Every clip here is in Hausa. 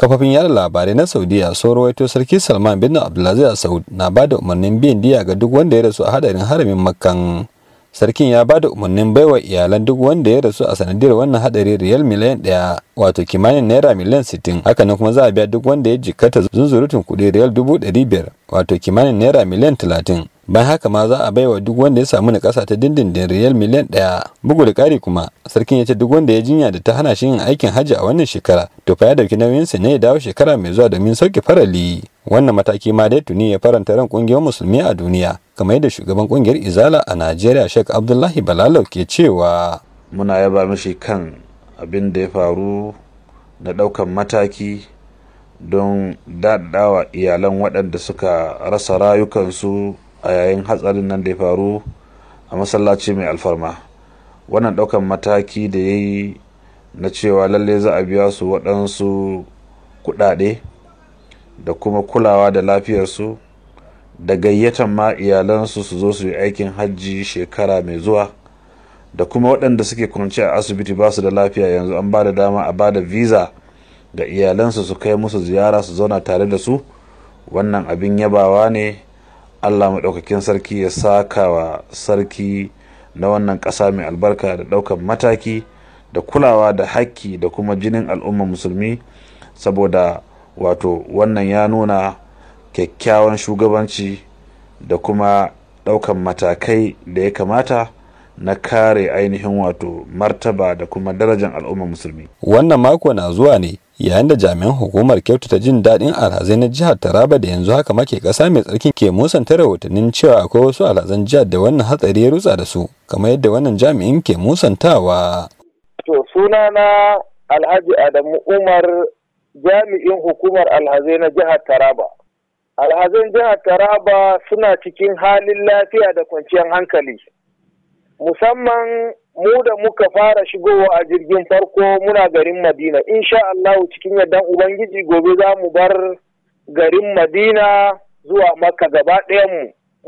kafafin yada labarai na saudiya sun rawaito sarki salman bin abdulaziz a saud na ba da umarnin biyan diya ga duk wanda ya rasu a hadarin haramin makkan sarkin ya ba da umarnin baiwa iyalan duk wanda ya rasu a sanadiyar wannan hadari riyal miliyan ɗaya wato kimanin naira miliyan sittin hakanan kuma za a biya duk wanda ya jikkata zunzurutun kuɗi riyal dubu ɗari biyar wato kimanin naira miliyan talatin bai haka ma za a baiwa duk wanda ya samu na kasa ta dindindin riyal miliyan ɗaya bugu da kari kuma sarkin ya ce duk wanda ya jinya da ta hana shi yin aikin hajji a wannan shekara to fa ya dauki sa ne ya dawo shekara mai zuwa domin sauke farali wannan mataki ma dai tuni ya faranta ran kungiyar musulmi a duniya kamar yadda shugaban kungiyar izala a najeriya sheikh abdullahi balalau ke cewa muna yaba mishi kan abin da ya faru na ɗaukan mataki don daɗawa iyalan waɗanda suka rasa rayukansu a yayin hatsarin nan da ya faru a masallaci mai alfarma wannan ɗaukan mataki da ya yi na cewa lalle za a biya su waɗansu kuɗaɗe da kuma kulawa da lafiyarsu da gayyatan ma iyalansu su zo su yi aikin hajji shekara mai zuwa da kuma waɗanda suke kwanci a asibiti ba su da lafiya yanzu an ba da dama a ba da visa ga iyalansu su kai musu ziyara su zauna tare da su wannan abin yabawa ne allah maɗaukakin sarki ya saka wa sarki na wannan ƙasa mai albarka da ɗaukan mataki da kulawa da haƙƙi da kuma jinin al'umma musulmi saboda wato wannan ya nuna kyakkyawan shugabanci da kuma ɗaukan matakai da ya kamata na kare ainihin wato martaba da kuma darajar al'umma musulmi wannan mako na zuwa ne yayin da jami'an hukumar ta jin daɗin alhazai na jihar taraba da yanzu haka make ƙasa mai tsarkin ke musanta rahotannin cewa akwai wasu alhazan jihar da wannan hatsari ya rutsa da su kamar yadda wannan jami'in ke musantawa. to sunana alhaji adamu umar jami'in hukumar alhazai na jihar taraba alhazan jihar taraba suna cikin halin lafiya da kwanciyar hankali musamman mu da muka fara shigowa a jirgin farko muna garin Madina insha Allah cikin yardan ubangiji gobe za mu bar garin Madina zuwa Makka gaba ɗaya mu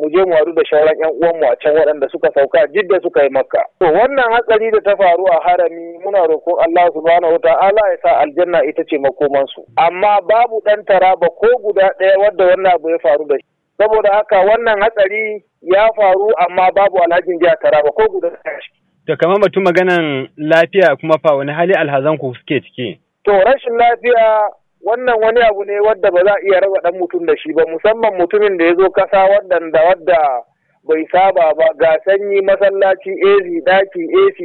mu je mu haɗu da shauran yan mu a can waɗanda suka sauka jidda suka yi Makka to wannan hatsari da ta faru a harami muna roƙon Allah subhanahu wataala ya sa aljanna ita ce makoman su amma babu ɗan taraba ko guda ɗaya wadda wannan abu ya faru da shi saboda haka wannan hatsari ya faru amma babu alhajin jiya taraba ko guda ɗaya To kamar batun maganan lafiya kuma fa wani hali alhazan ku suke ciki. To rashin lafiya wannan wani abu ne wadda ba za a iya raba dan mutum da shi ba musamman mutumin da ya zo kasa wadanda wadda bai saba ba ga sanyi masallaci AC daki AC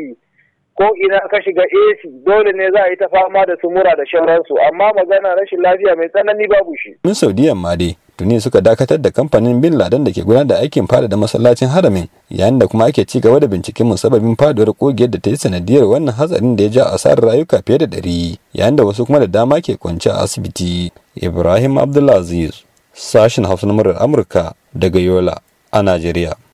ko ina ka shiga AC dole ne za a yi ta fama da sumura da shauransu amma magana rashin lafiya mai tsanani babu shi. Mun Saudiyan ma dai tuni suka dakatar da kamfanin bin laden da ke gudanar da aikin fada da masallacin haramin yayin da kuma ake ci gaba da binciken musababin faduwar kogiyar da ta yi sanadiyar wannan hatsarin da ya ja asarar rayuka fiye da ɗari yayin da wasu kuma da dama ke kwance a asibiti ibrahim abdulaziz sashin hausa na murar amurka daga yola a najeriya